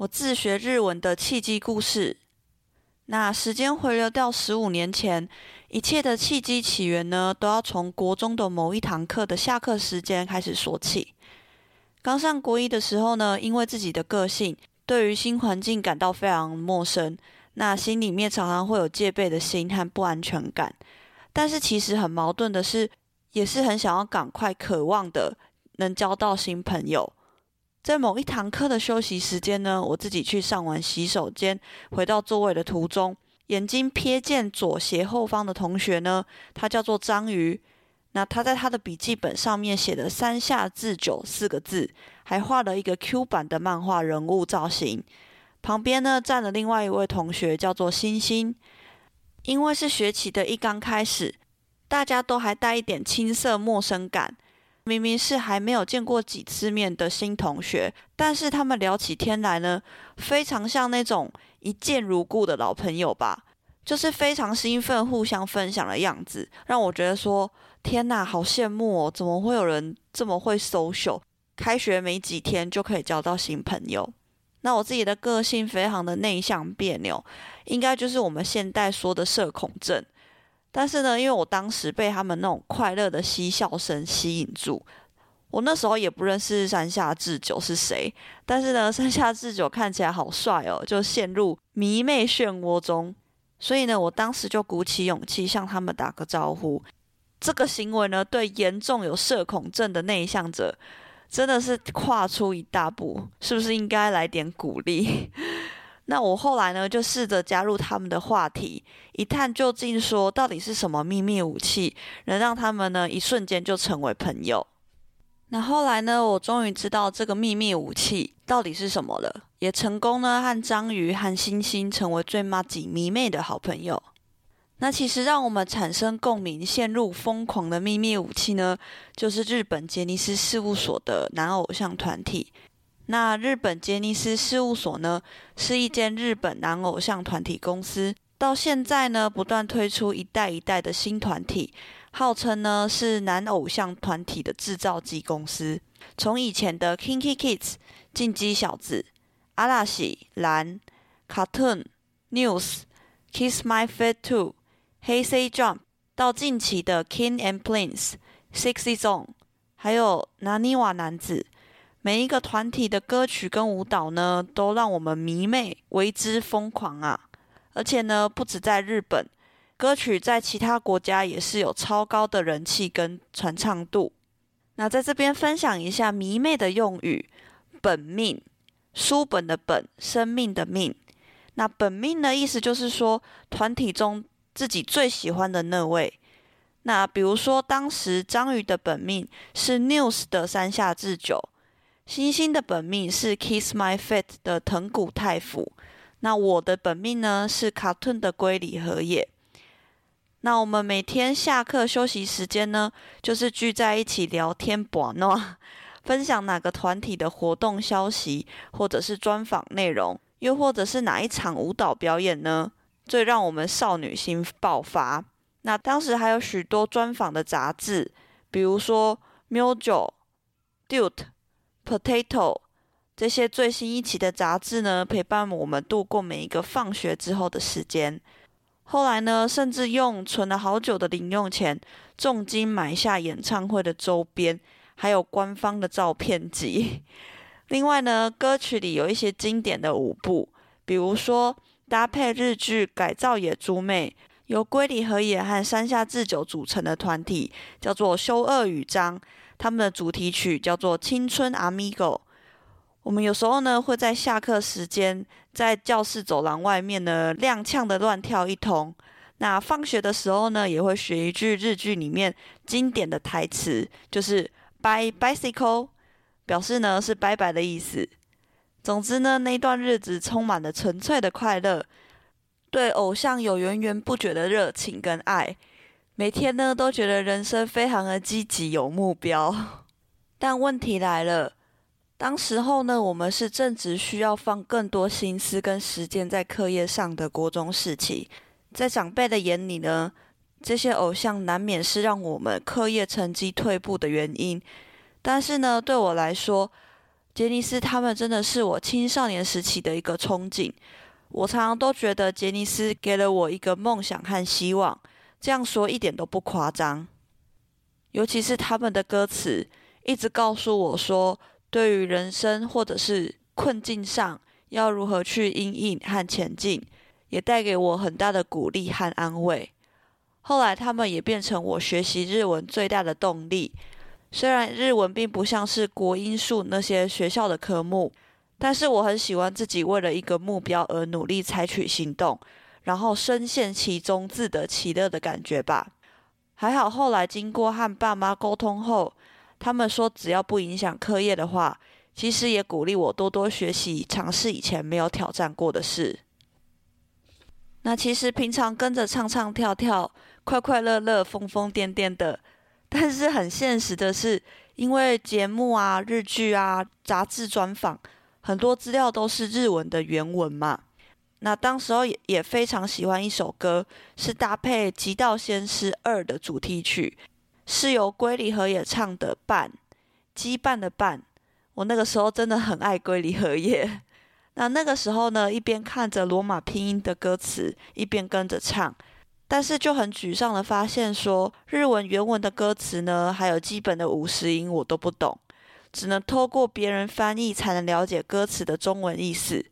我自學日文的契機故事，那時間回流到十五年前，一切的契機起源呢，都要從國中的某一堂課的下課時間開始說起。剛上國一的時候呢，因為自己的個性，對於新環境感到非常陌生，那心裡面常常會有戒備的心和不安全感。但是其實很矛盾的是，也是很想要趕快、渴望的能交到新朋友。在某一堂課的休息時間呢，我自己去上完洗手間，回到座位的途中，眼睛瞥見左斜後方的同學呢，他叫做章魚。那他在他的筆記本上面寫了山下智久四個字，還畫了一個 Q 版的漫畫人物造型。旁邊呢站了另外一位同學，叫做星星。因為是學期的一剛開始，大家都還帶一點青澀陌生感。明明是還沒有見過幾次面的新同學，但是他們聊起天來呢，非常像那種一見如故的老朋友吧，就是非常興奮、互相分享的樣子，讓我覺得說：天哪，好羨慕哦！怎麼會有人這麼會 social？開學沒幾天就可以交到新朋友。那我自己的個性非常的內向別扭，應該就是我們現代說的社恐症。但是呢，因為我當時被他們那種快樂的嬉笑聲吸引住，我那時候也不認識山下智久是誰。但是呢，山下智久看起來好帥哦，就陷入迷妹漩渦中。所以呢，我當時就鼓起勇氣向他們打個招呼。這個行為呢，對嚴重有社恐症的內向者，真的是跨出一大步。是不是應該來點鼓勵？那我後來呢，就試着加入他們的話題，一探究竟，說到底是什麼秘密武器，能讓他們呢一瞬間就成為朋友。那後來呢，我終於知道這個秘密武器到底是什麼了，也成功呢和章魚和星星成為最麻吉迷妹的好朋友。那其實讓我們產生共鳴、陷入瘋狂的秘密武器呢，就是日本傑尼斯事務所的男偶像團體。那日本傑尼斯事務所呢，是一間日本男偶像團體公司。到現在呢，不斷推出一代一代的新團體，號稱呢是男偶像團體的製造機公司。從以前的 Kinki Kids、進擊小子、阿拉西、嵐、Cartoon News、Kiss My Ft Two、Hey Say Jump，到近期的 King and Prince、Sexy Zone，還有拿尼瓦男子。每一個團體的歌曲跟舞蹈呢，都讓我們迷妹為之瘋狂啊！而且呢，不止在日本，歌曲在其他國家也是有超高的人氣跟傳唱度。那在這邊分享一下迷妹的用語“本命”，書本的“本”，生命的“命”。那“本命呢”的意思就是說，團體中自己最喜歡的那位。那比如說，當時章魚的本命是 News 的山下智久。星星的本命是《Kiss My Feet》的藤谷太輔，那我的本命呢是《KAT-TUN》的龜梨和也。那我們每天下課休息時間呢，就是聚在一起聊天、八卦，分享哪個團體的活動消息，或者是專訪內容，又或者是哪一場舞蹈表演呢，最讓我們少女心爆發。那當時還有許多專訪的雜誌，比如說《Myojo》、《Duet》。Potato 這些最新一期的雜誌呢，陪伴我們度過每一個放學之後的時間。後來呢，甚至用存了好久的零用錢，重金買下演唱會的周邊，還有官方的照片集。另外呢，歌曲裡有一些經典的舞步，比如說搭配日劇《改造野豬妹》，由龜梨和也和山下智久組成的團體叫做修二與彰。他們的主題曲叫做《青春阿米狗 Amigo》，我們有時候呢會在下課時間，在教室走廊外面呢踉蹌的亂跳一通。那放學的時候呢，也會學一句日劇裡面經典的台詞，就是 “By bicycle”，表示呢是“拜拜”的意思。總之呢，那段日子充滿了純粹的快樂，對偶像有源源不絕的熱情跟愛。每天呢都覺得人生非常的積極有目標，但問題來了，當時候呢我們是正值需要放更多心思跟時間在課業上的國中時期，在長輩的眼裡呢，這些偶像難免是讓我們課業成績退步的原因，但是呢對我來說，傑尼斯他們真的是我青少年時期的一個憧憬，我常常都覺得傑尼斯給了我一個夢想和希望。這樣說一點都不誇張，尤其是他們的歌詞一直告訴我說，對於人生或者是困境上要如何去因應和前進，也帶給我很大的鼓勵和安慰。後來他們也變成我學習日文最大的動力。雖然日文並不像是國英數那些學校的科目，但是我很喜歡自己為了一個目標而努力採取行動。然後深陷其中，自得其樂的感覺吧。還好後來經過和爸媽溝通後，他們說只要不影響課業的話，其實也鼓勵我多多學習，嘗試以前沒有挑戰過的事。那其實平常跟着唱唱跳跳，快快樂樂，瘋瘋癲癲的。但是很現實的是，因為節目啊、日劇啊、雜誌專訪，很多資料都是日文的原文嘛。那當時候也也非常喜歡一首歌，是搭配《極道先師二》的主題曲，是由龜梨和也唱的《伴》，羈絆的伴。我那個時候真的很愛龜梨和也。 那那個時候呢，一邊看着羅馬拼音的歌詞，一邊跟着唱，但是就很沮喪的發現說，日文原文的歌詞呢，還有基本的五十音我都不懂，只能透過別人翻譯才能了解歌詞的中文意思。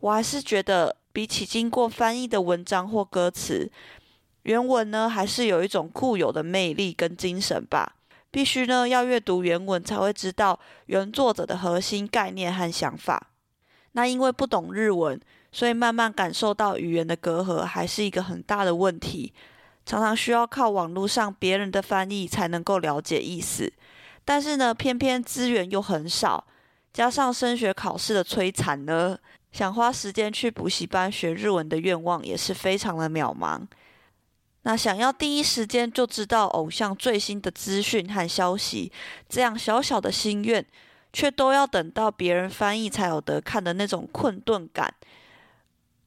我還是覺得，比起經過翻譯的文章或歌詞，原文呢還是有一種固有的魅力跟精神吧。必須呢要閱讀原文，才會知道原作者的核心概念和想法。那因為不懂日文，所以慢慢感受到語言的隔閡，還是一個很大的問題。常常需要靠網絡上別人的翻譯才能夠了解意思，但是呢，偏偏資源又很少，加上升學考試的摧殘呢。想花時間去補習班學日文的願望也是非常的渺茫。那想要第一時間就知道偶像最新的資訊和消息，這樣小小的心願，卻都要等到別人翻譯才有得看的那種困頓感。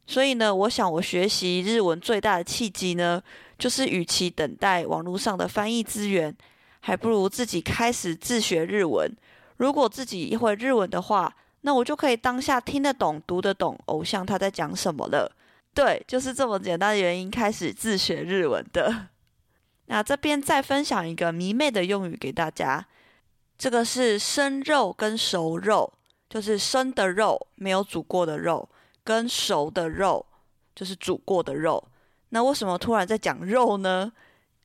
所以呢，我想我學習日文最大的契機呢，就是與其等待網絡上的翻譯資源，還不如自己開始自學日文。如果自己會日文的話。那我就可以當下聽得懂，讀得懂偶像他在講什麼了。對，就是這麼簡單的原因，開始自學日文的。那這邊再分享一個迷妹的用語給大家，這個是生肉跟熟肉，就是生的肉沒有煮過的肉，跟熟的肉就是煮過的肉。那為什麼突然在講肉呢？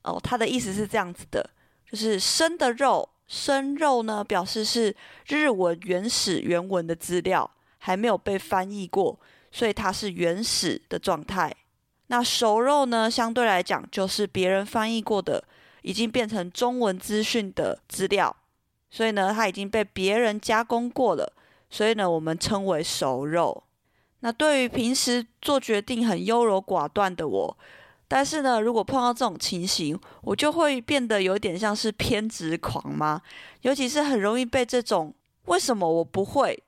哦，他的意思是這樣子的，就是生的肉。生肉呢，表示是日文原始原文的資料，還沒有被翻譯過，所以它是原始的狀態。那熟肉呢，相對來講就是別人翻譯過的，已經變成中文資訊的資料，所以呢，它已經被別人加工過了，所以呢，我們稱為熟肉。那對於平時做決定很優柔寡斷的我，但是呢，如果碰到這種情形，我就會變得有點像是偏執狂嗎？尤其是很容易被這種“為什麼我不會，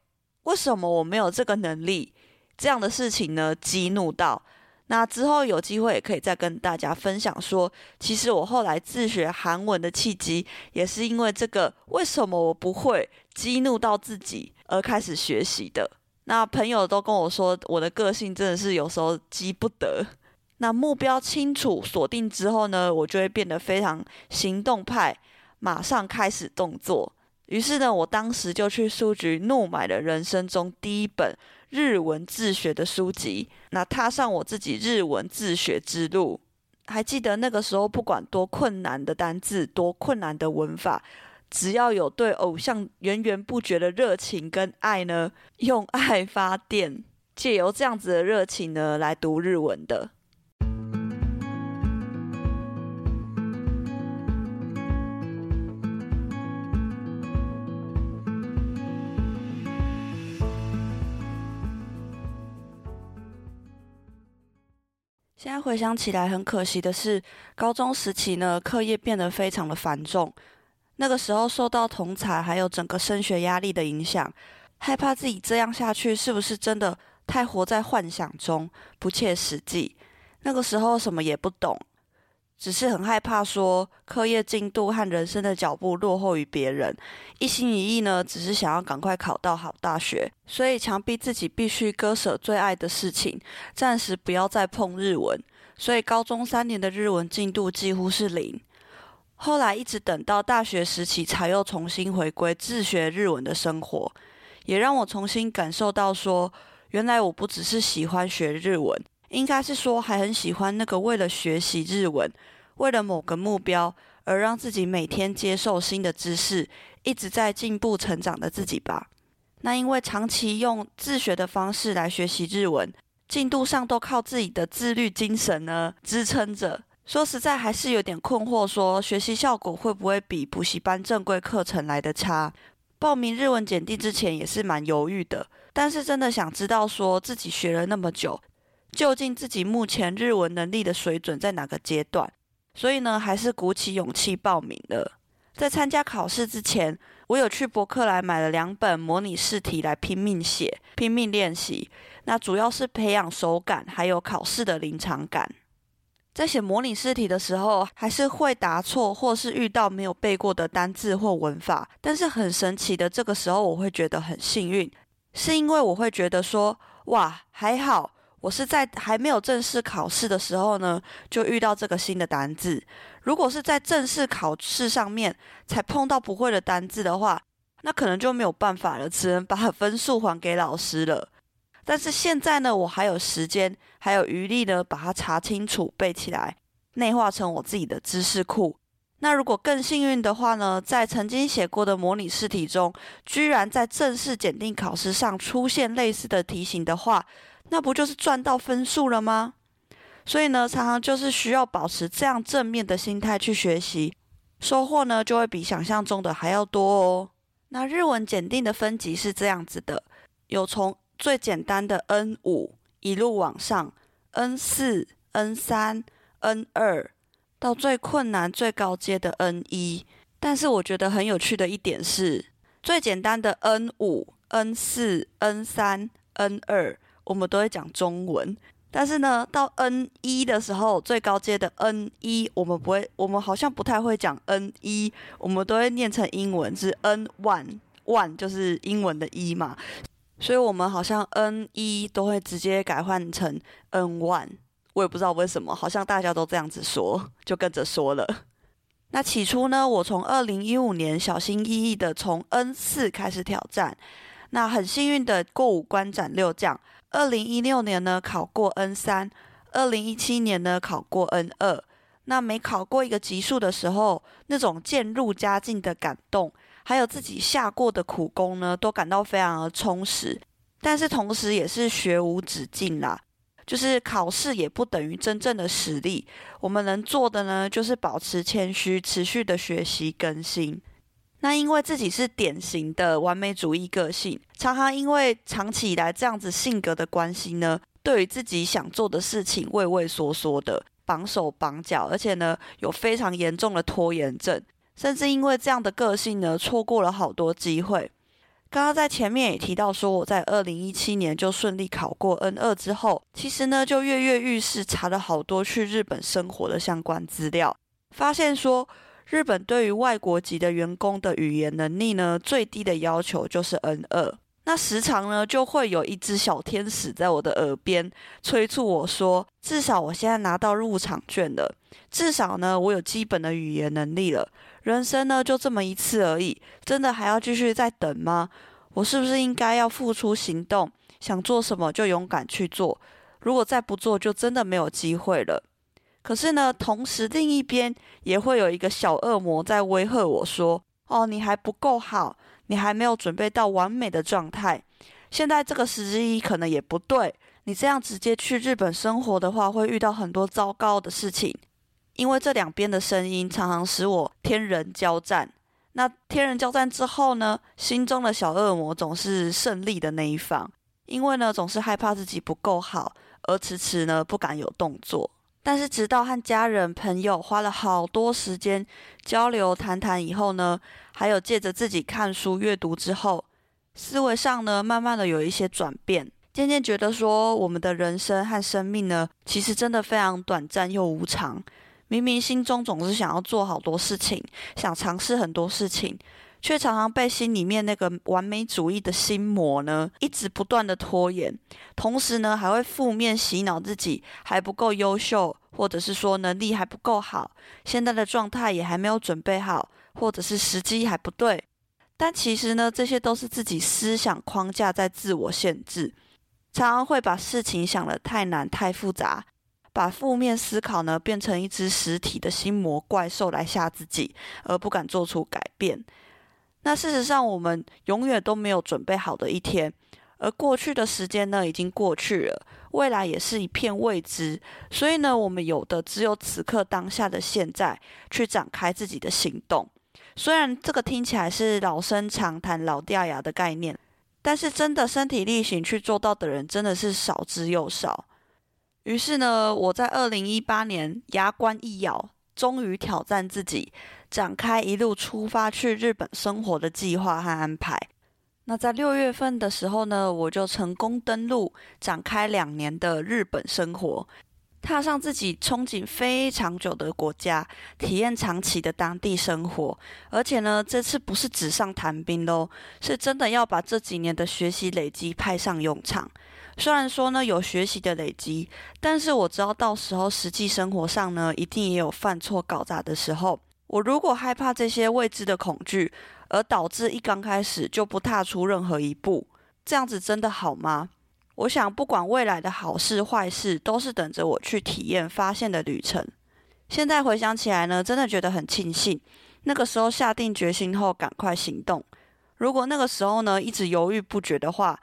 為什麼我沒有這個能力”這樣的事情呢激怒到。那之後有機會也可以再跟大家分享說，說其實我後來自學韓文的契機，也是因為這個“為什麼我不會”激怒到自己而開始學習的。那朋友都跟我說，我的個性真的是有時候激不得。那目標清楚鎖定之後呢，我就會變得非常行動派，馬上開始動作。於是呢，我當時就去書局怒買了人生中第一本日文自學的書籍，那踏上我自己日文自學之路。還記得那個時候，不管多困難的單字，多困難的文法，只要有對偶像源源不絕的熱情跟愛呢，用愛發電，借由這樣子的熱情呢來讀日文的。現在回想起來，很可惜的是，高中時期呢，課業變得非常的繁重。那個時候受到同儕還有整個升學壓力的影響，害怕自己這樣下去是不是真的太活在幻想中，不切實際。那個時候什麼也不懂，只是很害怕說課業進度和人生的腳步落後於別人，一心一意呢，只是想要趕快考到好大學，所以強逼自己必須割捨最愛的事情，暫時不要再碰日文，所以高中三年的日文進度幾乎是零。後來一直等到大學時期，才又重新回歸自學日文的生活，也讓我重新感受到說，原來我不只是喜歡學日文。應該是說，還很喜歡那個為了學習日文，為了某個目標而讓自己每天接受新的知識，一直在進步成長的自己吧。那因為長期用自學的方式來學習日文，進度上都靠自己的自律精神呢支撐着。說實在，還是有點困惑，說，說學習效果會不會比補習班正規課程來得差？報名日文檢定之前也是蠻猶豫的，但是真的想知道說自己學了那麼久，究竟自己目前日文能力的水準在哪個階段？所以呢，還是鼓起勇氣報名了。在參加考試之前，我有去博客來買了兩本模擬試題來拼命寫、拼命練習。那主要是培養手感，還有考試的臨場感。在寫模擬試題的時候，還是會答錯，或是遇到沒有背過的單字或文法。但是很神奇的，這個時候我會覺得很幸運，是因為我會覺得說：“哇，還好。”我是在還沒有正式考試的時候呢，就遇到這個新的單字。如果是在正式考試上面才碰到不會的單字的話，那可能就沒有辦法了，只能把分數還給老師了。但是現在呢，我還有時間，還有餘力呢，把它查清楚、背起來，內化成我自己的知識庫。那如果更幸運的話呢，在曾經寫過的模擬試題中，居然在正式檢定考試上出現類似的題型的話。那不就是賺到分數了嗎？所以呢，常常就是需要保持這樣正面的心態去學習，收穫呢就會比想象中的還要多哦。那日文檢定的分級是這樣子的：有從最簡單的 N5 一路往上，N4、N3、N2，到最困難最高階的 N1。但是我覺得很有趣的一點是，最簡單的 N5、N4、N3、N2。我們都會講中文，但是呢，到 N 一的時候，最高階的 N 一，我們不會，我們好像不太會講 N 一，我們都會念成英文，是 N one one 就是英文的一嘛，所以我們好像 N 一都會直接改換成 N one，我也不知道為什麼，好像大家都這樣子說，就跟着說了。那起初呢，我從二零一五年小心翼翼的從 N 四開始挑戰，那很幸運的過五關斬六將。二零一六年呢考過 N 三，二零一七年呢考過 N 二。那每考過一個級數的時候，那種漸入佳境的感動，還有自己下過的苦功呢，都感到非常的充實。但是同時也是學無止境啦，就是考試也不等於真正的實力。我們能做的呢，就是保持謙虛，持續的學習更新。那因為自己是典型的完美主義個性，常常因為長期以來這樣子性格的關係呢，對於自己想做的事情畏畏縮縮的，綁手綁腳，而且呢有非常嚴重的拖延症，甚至因為這樣的個性呢，錯過了好多機會。剛剛在前面也提到說，我在二零一七年就順利考過 N 二之後，其實呢就躍躍欲試，查了好多去日本生活的相關資料，發現說。日本對於外國籍的員工的語言能力呢，最低的要求就是 N2。那時常呢，就會有一隻小天使在我的耳邊催促我說：“至少我現在拿到入場券了，至少呢，我有基本的語言能力了。人生呢，就這麼一次而已，真的還要繼續再等嗎？我是不是應該要付出行動，想做什麼就勇敢去做，如果再不做，就真的沒有機會了。”可是呢，同時另一邊也會有一個小惡魔在威嚇我說：“哦，你還不夠好，你還沒有準備到完美的狀態。現在這個時機可能也不對。你這樣直接去日本生活的話，會遇到很多糟糕的事情。”因為這兩邊的聲音常常使我天人交戰。那天人交戰之後呢，心中的小惡魔總是勝利的那一方，因為呢總是害怕自己不夠好，而遲遲呢不敢有動作。但是，直到和家人、朋友花了好多時間交流、談談以後呢，還有借着自己看書、閱讀之後，思維上呢，慢慢的有一些轉變，漸漸覺得說，我們的人生和生命呢，其實真的非常短暫又無常。明明心中總是想要做好多事情，想嘗試很多事情。卻常常被心裡面那個完美主義的心魔呢，一直不斷地拖延，同時呢還會負面洗腦自己還不夠優秀，或者是說能力還不夠好，現在的狀態也還沒有準備好，或者是時機還不對。但其實呢，這些都是自己思想框架在自我限制，常常會把事情想得太難太複雜，把負面思考呢變成一隻實體的心魔怪獸來嚇自己，而不敢做出改變。那事實上，我們永遠都沒有準備好的一天，而過去的時間呢，已經過去了，未來也是一片未知。所以呢，我們有的只有此刻當下的現在，去展開自己的行動。雖然這個聽起來是老生常談、老掉牙的概念，但是真的身體力行去做到的人，真的是少之又少。於是呢，我在二零一八年牙關一咬。終於挑戰自己，展開一路出發去日本生活的計劃和安排。那在六月份的時候呢，我就成功登陸，展開兩年的日本生活，踏上自己憧憬非常久的國家，體驗長期的當地生活。而且呢，這次不是紙上談兵嘍，是真的要把這幾年的學習累積派上用場。雖然說呢有學習的累積，但是我知道到時候實際生活上呢，一定也有犯錯搞砸的時候。我如果害怕這些未知的恐懼，而導致一剛開始就不踏出任何一步，這樣子真的好嗎？我想不管未來的好事壞事，都是等着我去體驗發現的旅程。現在回想起來呢，真的覺得很慶幸，那個時候下定決心後趕快行動。如果那個時候呢，一直猶豫不決的話，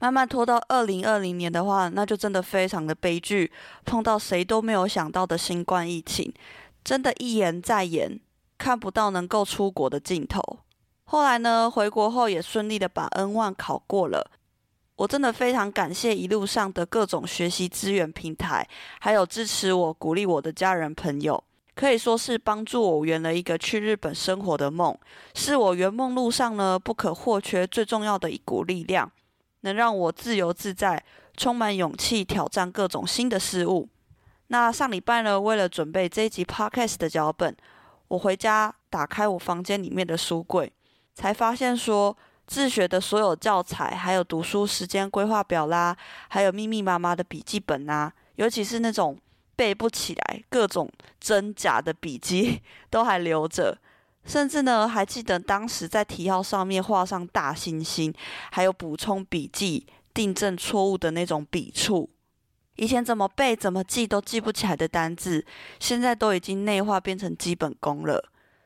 慢慢拖到二零二零年的話，那就真的非常的悲劇。碰到誰都沒有想到的新冠疫情，真的一延再延，看不到能夠出國的盡頭。後來呢，回國後也順利的把 N1 考過了。我真的非常感謝一路上的各種學習資源平台，還有支持我、鼓勵我的家人朋友，可以說是幫助我圓了一個去日本生活的夢，是我圓夢路上呢，不可或缺、最重要的一股力量。能讓我自由自在、充滿勇氣挑戰各種新的事物。那上禮拜呢，為了準備這一集 Podcast 的腳本，我回家打開我房間裡面的書櫃，才發現說自學的所有教材，還有讀書時間規劃表啦，還有密密麻麻的筆記本吶、啊，尤其是那種背不起來、各種真假的筆記都還留着。甚至呢，還記得當時在題號上面畫上大星星，還有補充筆記、訂正錯誤的那種筆觸。以前怎麼背、怎麼記都記不起來的單字，現在都已經內化變成基本功了。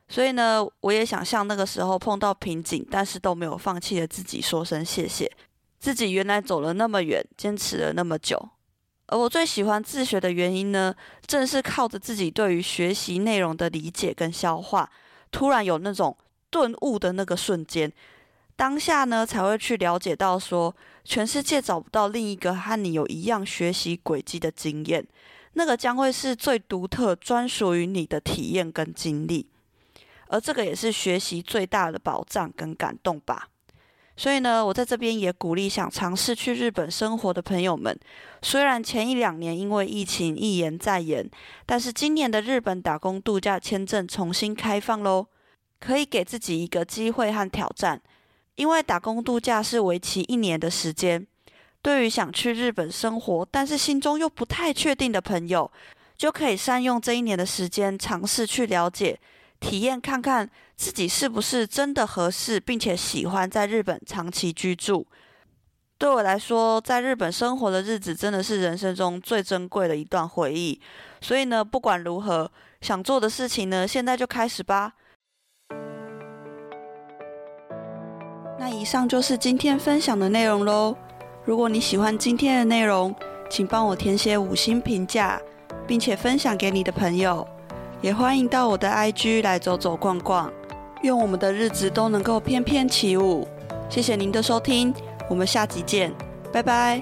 所以呢，我也想向那個時候碰到瓶頸，但是都沒有放棄的自己說聲謝謝。自己原來走了那麼遠，堅持了那麼久。而我最喜歡自學的原因呢，正是靠着自己對於學習內容的理解跟消化，突然有那種頓悟的那個瞬間，當下呢才會去了解到說，說全世界找不到另一個和你有一樣學習軌跡的經驗，那個將會是最獨特專屬於你的體驗跟經歷，而這個也是學習最大的保障跟感動吧。所以呢，我在這邊也鼓勵想嘗試去日本生活的朋友們。雖然前一兩年因為疫情一延再延，但是今年的日本打工度假簽證重新開放嘍，可以給自己一個機會和挑戰。因為打工度假是為期一年的時間，對於想去日本生活但是心中又不太確定的朋友，就可以善用這一年的時間嘗試去了解。體驗看看自己是不是真的合適，並且喜歡在日本長期居住。對我來說，在日本生活的日子真的是人生中最珍貴的一段回憶。所以呢，不管如何，想做的事情呢，現在就開始吧。那以上就是今天分享的內容嘍。如果你喜歡今天的內容，請幫我填寫五星評價，並且分享給你的朋友。也歡迎到我的 IG 來走走逛逛，願我們的日子都能夠翩翩起舞。謝謝您的收聽，我們下集見，拜拜。